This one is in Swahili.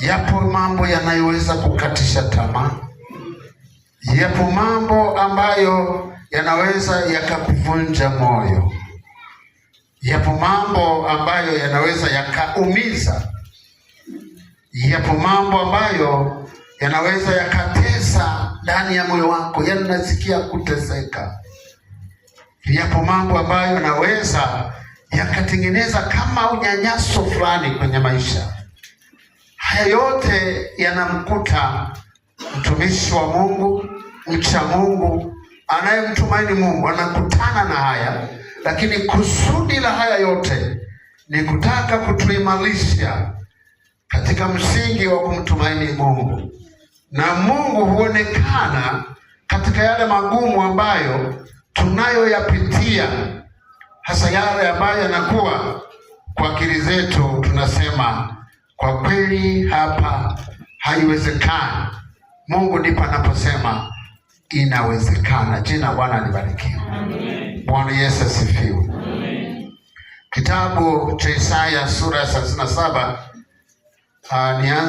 Yapo mambo yanayoweza kukatisha tamaa, yapo mambo ambayo yanaweza yakakuvunja moyo, yapo mambo ambayo yanaweza yakaumiza, yapo mambo ambayo yanaweza yakatesa ndani ya moyo wako, yani unasikia kuteseka. Yapo mambo ambayo yanaweza yakatengeneza kama unyanyaso fulani kwenye maisha Haya yote yanamkuta mtumishi wa Mungu mcha Mungu anayemtumaini Mungu, anakutana na haya, lakini kusudi la haya yote ni kutaka kutuimarisha katika msingi wa kumtumaini Mungu, na Mungu huonekana katika yale magumu ambayo tunayoyapitia, hasa yale ambayo yanakuwa kwa akili zetu tunasema kwa kweli hapa haiwezekani, Mungu ndipo anaposema inawezekana. Jina la Bwana libarikiwe. Bwana Yesu asifiwe. Kitabu cha Isaya sura ya thelathini na saba. Uh, nianze